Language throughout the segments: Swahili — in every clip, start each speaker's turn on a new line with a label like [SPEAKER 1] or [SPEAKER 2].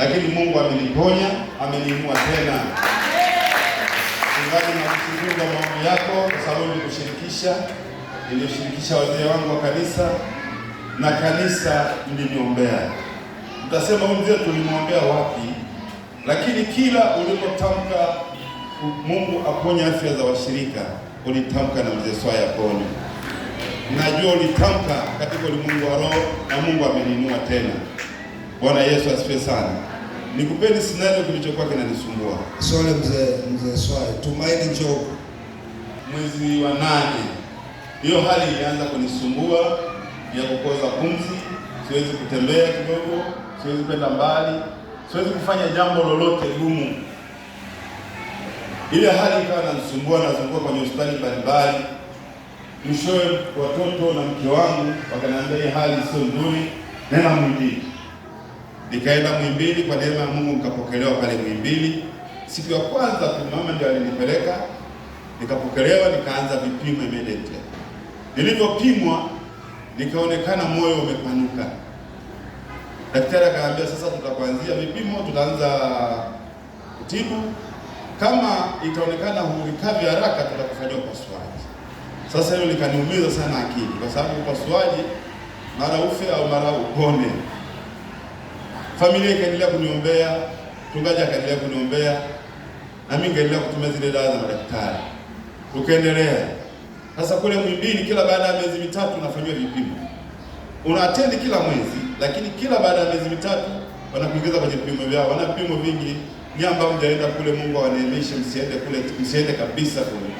[SPEAKER 1] lakini Mungu ameniponya, ameniinua tena. ungali nakushukuru kwa maombi yako, kwa sababu nilikushirikisha, nilishirikisha wazee wangu wa kanisa na kanisa mliniombea. Utasema huyu mzee tulimwombea wapi? Lakini kila ulipotamka Mungu aponye afya za washirika, ulitamka na mzee Swaya aponye. najua ulitamka katika ulimwengu wa roho, na Mungu ameniinua tena. Bwana Yesu asifiwe sana. Nikupeni sinano kilichokuwa kinanisumbua.
[SPEAKER 2] Swale mzee mzee Swale, Tumaini Njogu.
[SPEAKER 1] Mwezi wa nane hiyo hali ilianza kunisumbua ya kukoza pumzi, siwezi kutembea kidogo, siwezi kwenda mbali, siwezi kufanya jambo lolote gumu. Ile hali ikawa nanisumbua, nazunguka kwenye hospitali mbalimbali. mshoe watoto na mke wangu wakaniambia hali sio nzuri, nena mwingine Nikaenda Mwimbili kwa neema ya Mungu, nikapokelewa pale Mwimbili. Siku ya kwanza tu mama ndio alinipeleka, nikapokelewa, nikaanza vipimo immediately. Nilivyopimwa nikaonekana moyo umepanuka. Daktari akaambia sasa, tutakuanzia vipimo, tutaanza kutibu, kama itaonekana hurikavi haraka, tutakufanyia upasuaji. Sasa hiyo likaniumiza sana akili, kwa sababu upasuaji mara ufe au mara upone. Familia ikaendelea kuniombea, mchungaji akaendelea kuniombea, na mimi nikaendelea kutumia zile dawa za madaktari, tukaendelea sasa. Kule Mwimbili kila baada ya miezi mitatu unafanyiwa vipimo, unaatendi kila mwezi, lakini kila baada ya miezi mitatu wanakuingiza kwenye vipimo vyao, wana vipimo vingi ambao mjaenda kule, Mungu awaneemeshe, msiende kule, msiende kabisa kule.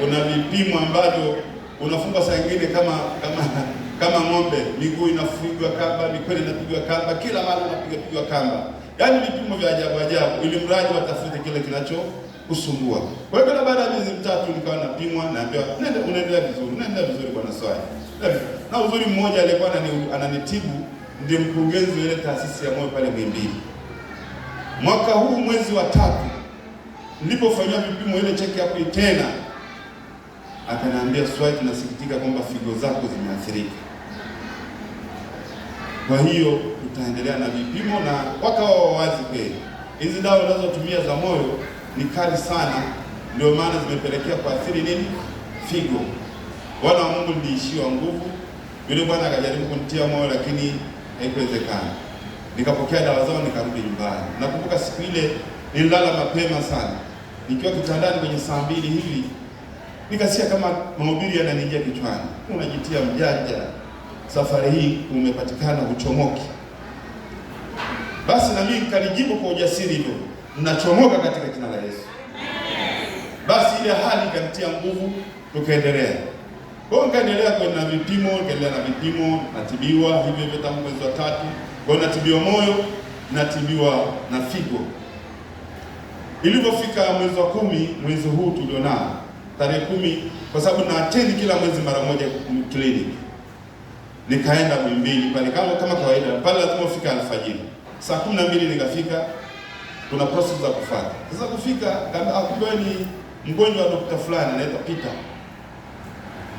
[SPEAKER 1] Kuna vipimo ambavyo unafungwa saa nyingine kama kama kama ng'ombe, miguu inafungwa kamba, mikono inapigwa kamba, kila mara inapiga pigwa kamba, yaani vipimo vya ajabu ajabu, ili mradi watafute kile kinacho kusumbua. Kwa hiyo baada ya miezi mitatu nikawa napimwa, naambiwa nenda, unaendelea vizuri, unaendelea vizuri bwana Swai. Yaani, na uzuri mmoja alikuwa ananitibu ndiye mkurugenzi wa ile taasisi ya moyo pale Mwimbili. Mwaka huu mwezi wa tatu nilipofanyiwa vipimo ile check up tena, akaniambia Swai, tunasikitika kwamba figo zako zimeathirika. Kwa hiyo tutaendelea na vipimo na wakawa wazi kweli hizi dawa unazotumia za moyo ni kali sana, ndio maana zimepelekea kuathiri nini figo. Bwana wa Mungu, niliishiwa nguvu. Yule bwana akajaribu kunitia moyo, lakini haikuwezekana. Nikapokea dawa zao nikarudi nyumbani. Nakumbuka siku ile nililala mapema sana, nikiwa kitandani kwenye saa mbili hivi nikasikia kama mahubiri yananiingia kichwani, unajitia mjanja safari hii umepatikana uchomoki. Basi na mimi nikalijibu kwa ujasiri hivyo, mnachomoka katika jina la Yesu. Basi ile hali ikamtia nguvu, tukaendelea kwa nikaendelea na vipimo, nikaendelea na vipimo, natibiwa hivyo hivyo tangu mwezi wa tatu, kwa natibiwa moyo, natibiwa na figo. Ilivyofika mwezi wa kumi, mwezi huu tulionao tarehe kumi, kwa sababu na attend kila mwezi mara moja clinic nikaenda Muhimbili pale kama kama kawaida, pale lazima ufike alfajiri saa kumi na mbili. Nikafika, kuna process za kufuata. Sasa kufika, kumbe ni mgonjwa wa dokta fulani anaitwa Peter.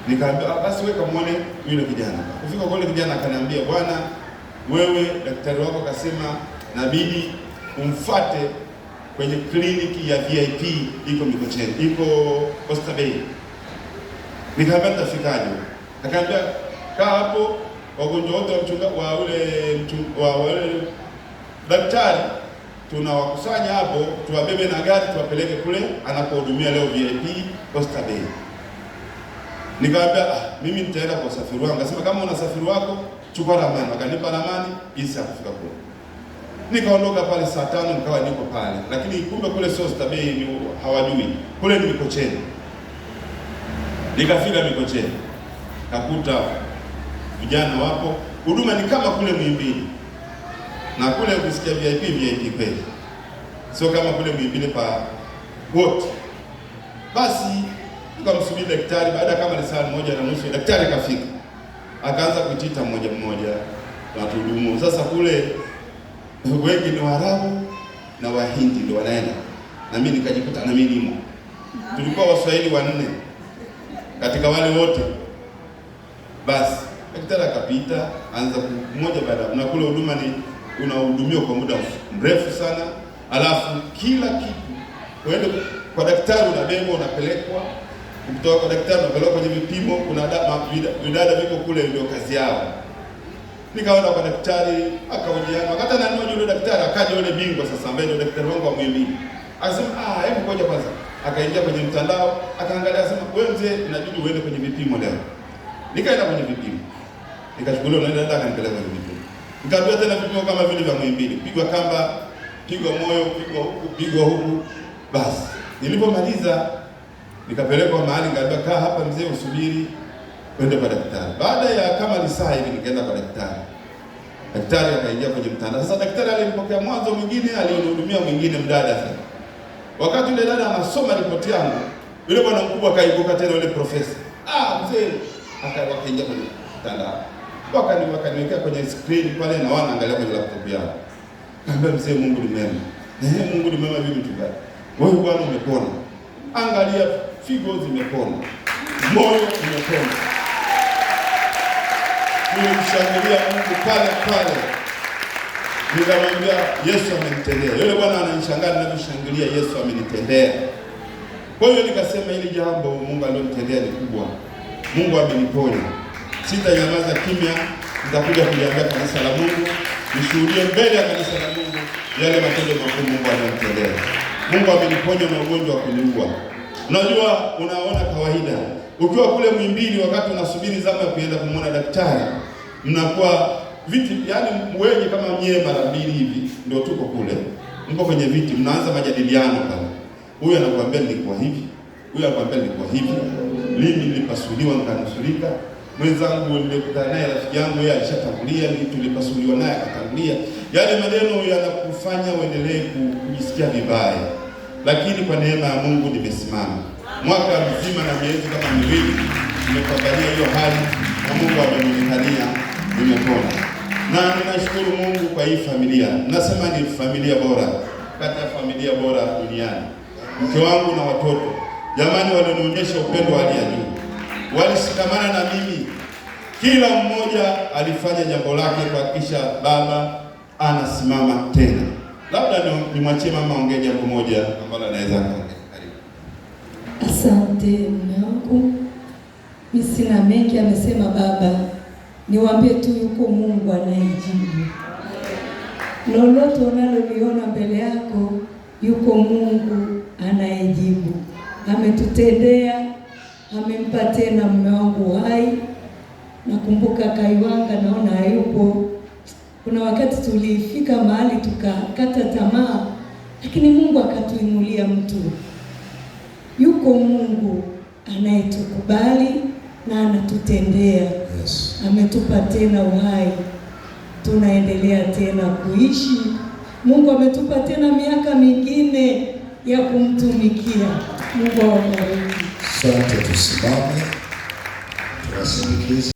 [SPEAKER 1] Nikaambia ah, basi weka kamuone yule kijana. Kufika kwa yule kijana, akaniambia bwana, wewe daktari wako akasema nabidi umfate kwenye kliniki ya VIP iko Mikocheni, iko Oysterbay. Nikaambia nitafikaje? Akaambia kaa hapo, wagonjwa wote wa wa ule wa ule daktari tunawakusanya hapo, tuwabebe na gari tuwapeleke kule anapohudumia leo VIP Oyster Bay. Nikamwambia, ah, mimi nitaenda kwa usafiri wangu. Akasema kama una usafiri wako chukua ramani. Akanipa ramani jinsi ya kufika kule. Nikaondoka pale saa tano nikawa niko pale, lakini kumbe kule sio Oyster Bay, ni hawajui kule ni Mikocheni. Nikafika Mikocheni nakuta vijana wapo, huduma ni kama kule Muhimbili na kule ukisikia VIP VIP kweli, sio kama kule Muhimbili pa wote. Basi tukamsubiri daktari, baada kama ni saa moja na nusu daktari kafika, akaanza kutita mmoja mmoja na Sasa kule wengi ni Waarabu na Wahindi ndio wanaenda, na mimi nikajikuta na mimi nimo, tulikuwa Waswahili wanne katika wale wote basi daktari akapita, anza mmoja baada, na kule huduma ni unahudumiwa kwa muda mrefu sana, alafu kila kitu kwenda kwa daktari, unabebwa unapelekwa, kutoka kwa daktari unapelekwa kwenye vipimo. Kuna vidada viko kule, ndio kazi yao. Nikaona kwa daktari akaojiana, wakati ananua yule daktari akaja yule bingwa sasa, ambaye ndio daktari wangu wa mwilini, akasema ah, hebu ngoja kwanza. Akaingia kwenye mtandao akaangalia, akasema wewe mzee, inabidi uende kwenye vipimo leo. Nikaenda kwenye vipimo nikachukuliwa naenda nenda akanipeleka kwenye vipimo. Nikaambiwa tena vipimo kama vile vya Muhimbili, pigwa kamba, pigwa moyo, pigwa huku, pigwa huku. Basi nilipomaliza nikapelekwa mahali, nikaambiwa kaa hapa mzee, usubiri kwenda kwa daktari. Baada ya kama ni saa hivi nikaenda kwa daktari. Daktari akaingia kwenye mtanda. Sasa daktari alimpokea mwanzo, mwingine alionihudumia mwingine mdada. Sasa wakati yule dada anasoma ripoti yangu, yule bwana mkubwa akaibuka tena, yule profesa, ah mzee, akaingia kwenye mtanda mtandao wakaniwekea kwenye screen pale na wana angalia kwenye laptop yao. Kaambia mzee, Mungu ni mema. Eh, Mungu ni mema vipi tu bwana? Wewe bwana umepona. Angalia figo zimepona. Moyo umepona. Nilimshangilia Mungu pale pale. Nikamwambia Yesu amenitendea. Yule bwana ananishangaa ninavyoshangilia Yesu amenitendea. Kwa hiyo nikasema hili jambo Mungu alilonitendea ni kubwa. Mungu ameniponya sitanyamaza kimya, nitakuja kuliambia kanisa la Mungu, nishuhudie mbele ya kanisa la Mungu yale matendo makuu Mungu ananitendea. Mungu ameniponya na ugonjwa wa kuniua. Unajua, unaona kawaida ukiwa kule Muhimbili, wakati unasubiri zamu ya kuenda kumwona daktari, mnakuwa viti yaani, wenye kama nyie mara mbili hivi ndio tuko kule, mko kwenye viti, mnaanza majadiliano kama huyu anakuambia nilikuwa hivi, huyu anakuambia nilikuwa hivi, mimi nilipasuliwa nikanusurika mwenzangu nilikutana naye, rafiki yangu, yeye alishatangulia, tulipasuliwa naye akatangulia. Yale maneno yanakufanya uendelee kujisikia vibaya, lakini kwa neema ya Mungu nimesimama mwaka mzima na miezi kama miwili, nimekuangalia hiyo hali na Mungu amenionekania, nimepona na ninashukuru Mungu kwa hii familia. Nasema ni familia bora kati ya familia bora duniani, mke wangu na watoto. Jamani, walinionyesha upendo hali ya juu walishikamana na mimi, kila mmoja alifanya jambo lake kuhakikisha baba anasimama tena. Labda nimwachie mama ongee jambo moja ambalo anaweza akaongea. Karibu.
[SPEAKER 3] Asante mume wangu, na sina mengi, amesema baba. Niwaambie tu yuko Mungu anayejibu lolote unaloliona mbele yako, yuko Mungu anayejibu. Ametutendea amempa tena mume wangu uhai. Nakumbuka Kaiwanga, naona hayupo. Kuna wakati tulifika mahali tukakata tamaa, lakini Mungu akatuinulia mtu. Yuko Mungu anayetukubali na anatutendea yes. Ametupa tena uhai, tunaendelea tena kuishi. Mungu ametupa tena miaka mingine ya kumtumikia. Mungu awabariki. Sote tusimame tuwasindikize.